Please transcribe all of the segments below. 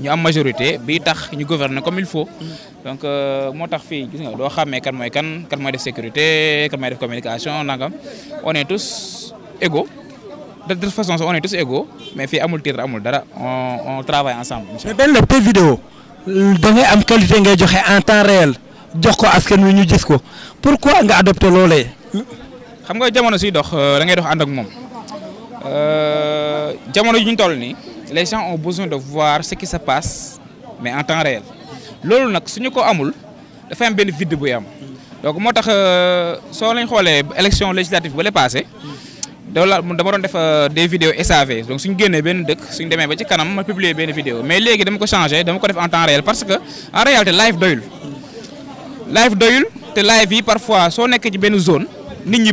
ñu am majorité bi tax ñu gouverner comme il faut donc euh, motax fi gis nga do xamé kan moy kan kan moy def sécurité kan moy def communication nangam on est tous égaux de toute façon on est tous égaux mais fi amul titre amul dara on travaille ensemble. mais ben la tey vidéo da ngay am qualité ngay joxé en temps réel jox ko askan wi ñu gis ko pourquoi nga adopter lolé xam nga jamono suy dox euh, da ngay dox and ak mom euh jamono yu ñu toll ni les gens ont besoin de voir ce qui se passe mais en temps réel loolu nag suñu ko amul dafa am benn vide buy am donc moo tax euh, soo lañ xoolee élection législative ba la passé doola dama doon def euh, des vidéos SAV donc suñu génnee benn dëkk suñu demee ba ci kanam ma publier benn vidéo mais léegi dama changer, je dama ko def en temps réel parce que en réalité live doyul live doyul te live yi parfois soo nekkee ci une zone nit ñi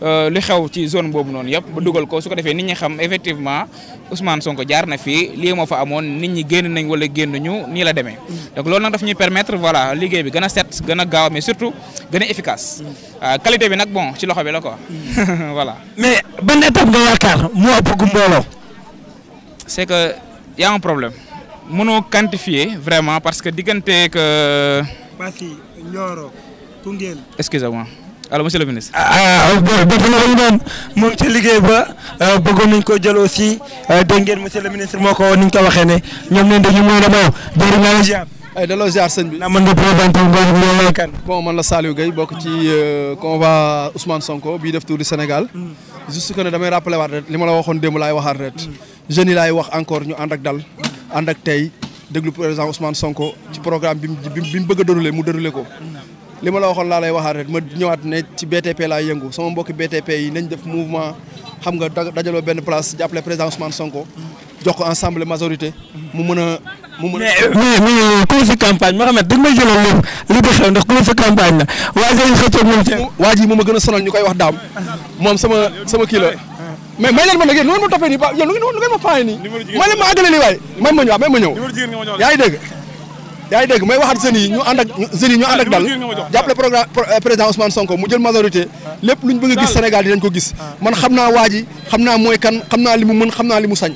Euh, li xew ci zone bobu non yëpp ba dugal ko su ko defee nit ñi xam effectivement Ousmane Sonko jaar na fii lii moo fa amone nit ñi genn nañ wala génnuñu ni la demee. donc loolu nak daf ñuy permettre voilà liggéey bi gëna set gëna a gaaw mais surtout gëna efficace. Euh, qualité bi nak bon ci loxo bi la ko voilà. mais ban étape nga yaakaar moo ëpp mbolo c'est que y a un problème mëno quantifier vraiment parce que diggante que. Passy Nioro Tungel. excusez-moi. alors monsieur le ministre. ah bët na lañu doon moom ca liggéey ba euh, bëggoon nañ ko jël aussi euh, dégg ngeen monsieur le ministre moo ko ni ñu ko waxee ne ñoom ñun dañu mën a daw déglu la ziar. ay eh, delloo ziar sëñ bi. naa mën nga présenté nga kan. man la Saliou gay bokk ci euh, convoi Ousmane Sonko bii def tour du Sénégal. Mm. juste que ne damay rappelé waat rek li ma la waxoon démb laay waxaat rek. Mm. jeunes yi laay wax encore ñu ànd ak dal ànd ak tey déglu président Ousmane Sonko ci programme bi mu bi mu bëgg a mu déroulé ko. Mm. li ma la waxoon laa lay waxaat rek ma ñëwaat ne ci BTP laa yëngu sama mbokki BTP yi nañ def mouvement xam nga dajaloo benn place jàppale président Ousmane Sonko jox ko ensemble majorité mu mën a mu mën a. mais mais ku fi campagne Mouhamed dañ may jëloon lépp li di xew ndax ku fi campagne la waa ji xëccoog moom ci. waa ji moom a gën a sonal ñu koy wax daam moom sama sama kii la mais may leen ma nag yéen nu ngeen ma toppee nii ba yéen nu ngeen ma faaye nii. numéro jigéen ma leen ma àggale lii waay may ma ñëw may ma ñëw. yaa ngi dégg yaa ngi dégg may waxaat jeunes yi ñu ànd ak jeunes yi ñu ànd ak dal jàppale programme euh, président Ousmane Sonko mu jël majorité lépp luñ bëgg a gis Sénégal dinañ ko gis ah. man xam naa waa ji xam naa mooy kan xam naa li mu mën xam naa li mu sañ.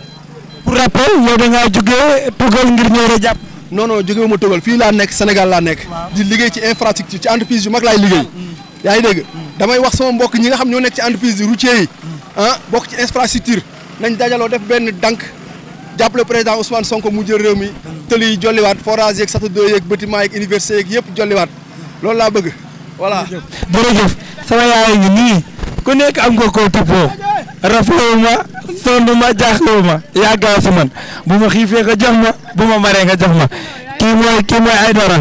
pour rappel yow da ngaa jógee ngir ñëw rek jàpp. non non jógee ma Tugal fii laa nekk Sénégal laa nekk. di liggéey ci infrastructure ci entreprise yu mag laay liggéey. Mm. ngi dégg mm. damay wax sama mbokk ñi nga xam ñoo nekk ci entreprise routier yi mm. ah bokk ci infrastructure nañ dajaloo def benn dànk jàppale président Ousmane Sonko mu jël réew mi tëli jolliwaat forage yeeg château yeeg bâtiment yeeg université yeeg yëpp jolliwaat loolu laa bëgg voilà. jërëjëf sama yaay ngi nii ku nekk am nga koo tippoo rafetlu ma sonn ma jaaxlewu ma yaa gaaw si bu ma xiifee nga jox ma bu ma maree nga jox ma kii mooy kii mooy ay dara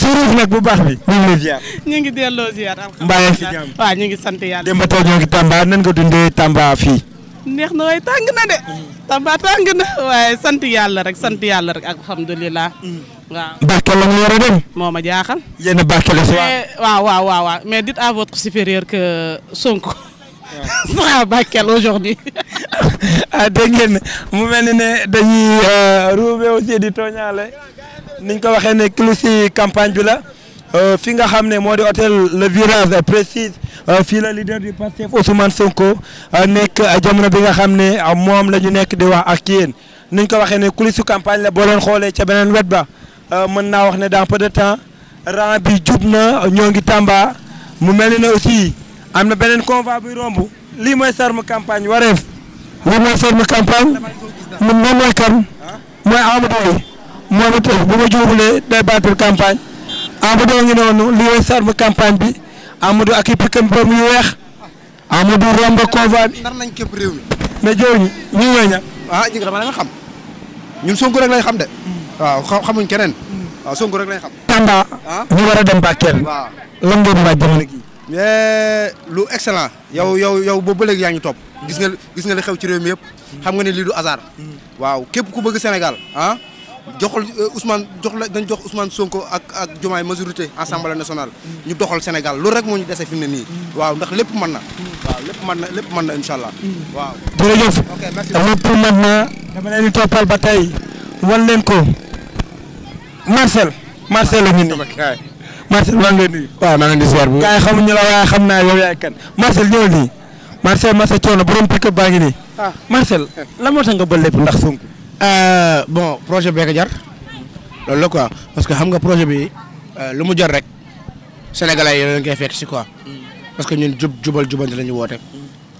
sëriñ nag bu baax bi ñu ngi lay ziar. ñu ngi delloo ziar alhamdulilah mbaa yaa ngi ñu ngi sant yàlla. démb tey ñoo ngi Tamba nan nga dundee Tamba fii. neex na waaye tambah na de mm. Tamba tàng na waaye sant yàlla rek sant yàlla rek alhamdulilah mm. waaw barke la ñu yore dem moo ma jaaxal yéen a barke la waaw waaw waaw waaw mais dites à votre supérieur que Sonko sera Bakel aujourd'hui ah mu ne dañuy euh, aussi di tooñaale niñ ko waxee ne clou si campagne bi la Euh, fi nga xam ne moo di hôtel le virage précise euh, fii la leader du Pastef Ousmane Sonko euh, nekk jamono bi nga xam ne moom la ñu nekk di wax ak yéen niñ ko waxee ne coulisse campagne la boo leen xoolee ca beneen wet ba mën naa wax ne dans peu de temps rang bi jub ñoo ngi Tamba mu mel ni ne aussi am na beneen convoi buy romb lii mooy sarmu campagne wareef. lii mooy sarmu campagne. moom mooy kan. mooy Amadou Ly moom it bu ma day baatul campagne. Amadou ngi noonu li woon sarme campagne bi Amadou ak i pikkam boobu yu weex Amadou romb convoi bi. nar nañ képp réew mais jooju ñu ngi ña. ah jigéen ñun Sonko rek lay xam de. Mm. waaw xamuñ keneen. Mm. waaw Sonko rek lay xam. Tamba. Ah? ñu war a dem Bakel. waaw lan ngeen waaj jamono gi. mais eh, lu excellent. yow yow yow boobu ba yaa ngi topp. gis nga gis nga li xew ci réew mi yëpp. Mm. xam nga ne lii du hasard. waaw képp ku bëgg Sénégal ah. joxal euh, Ousmane jox la dañ jox Ousmane Sonko ak ak Diomaye majorité assemblée national ñu doxal Sénégal loolu rek moo ñu dese fi mu ne nii. waaw ndax lépp man na. waaw lépp mën na lépp mën na incha allah. waaw jërëjëf. ok merci pour maintenant dama leen toppal ba tey wan leen ko. Marcel. Marcel la ñu nii Marcel maa ngi lay nuyu. waaw maa ngi di ziar bu gars yi xamuñu la xam naa yow yaay kan Marcel ñëwal nii. Marcel coono borom pick-up baa ngi nii. ah Marcel la moo tax nga ba lépp ndax Sonko. Euh, bon projet bee ko jar loolu la quoi parce que xam nga projet bi euh, lu mu jar rek sénégalais yi lañ koy fekk si quoi parce que ñun jub jubal jubante la ñu woote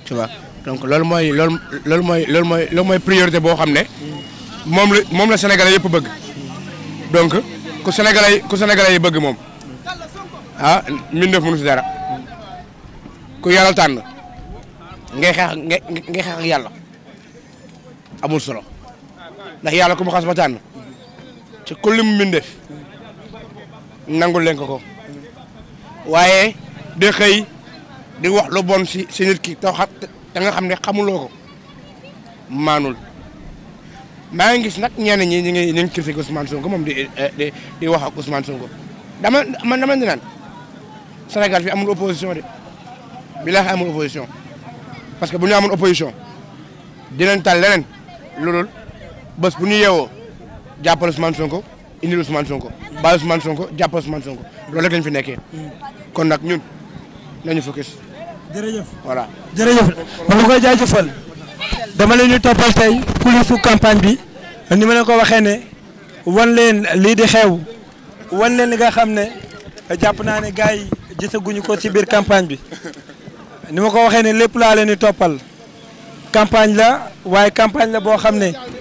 tu vois donc loolu mooy loolu loolu mooy loolu mooy loolu mooy priorité boo xam ne moom la moom la sénégalais yëpp bëgg donc ku sénégalais ku sénégalais yi bëgg moom ah min def mënu si dara ku yàlla tànn ngay xeex ngay xeex ak yàlla amul solo. ndax yalla ku mu xas ba tan ci dekai, mbindeef nangul len ko ko di di wax lu bon si ci nit ki te te nga xamne xamuloko manul ma nga gis nak ñene ñi ñi ngi ñu Ousmane Sonko mom di di di wax ak Ousmane Sonko dama man dama di naan fi amul opposition de billahi amul opposition parce que bu ñu amul opposition dinañ tal lenen lulul bés bu ñu yeewoo jàppale Ousmane Sonko indil Ousmane Sonko bàyyi Ousmane Sonko jàppale Ousmane Sonko loolu rek lañ fi nekkee kon nag ñun nañu focus. jërëjëf voilà jërëjëf man ma koy jaajëfal dama leen ñu toppal tey kulisu campagne bi ni ma leen ko waxee ne wan leen lii di xew wan leen li nga xam ne jàpp naa ne gars yi gisaguñu ko ci biir campagne bi ni ma ko waxee ne lépp laa leen toppal campagne la waaye campagne la boo xam ne.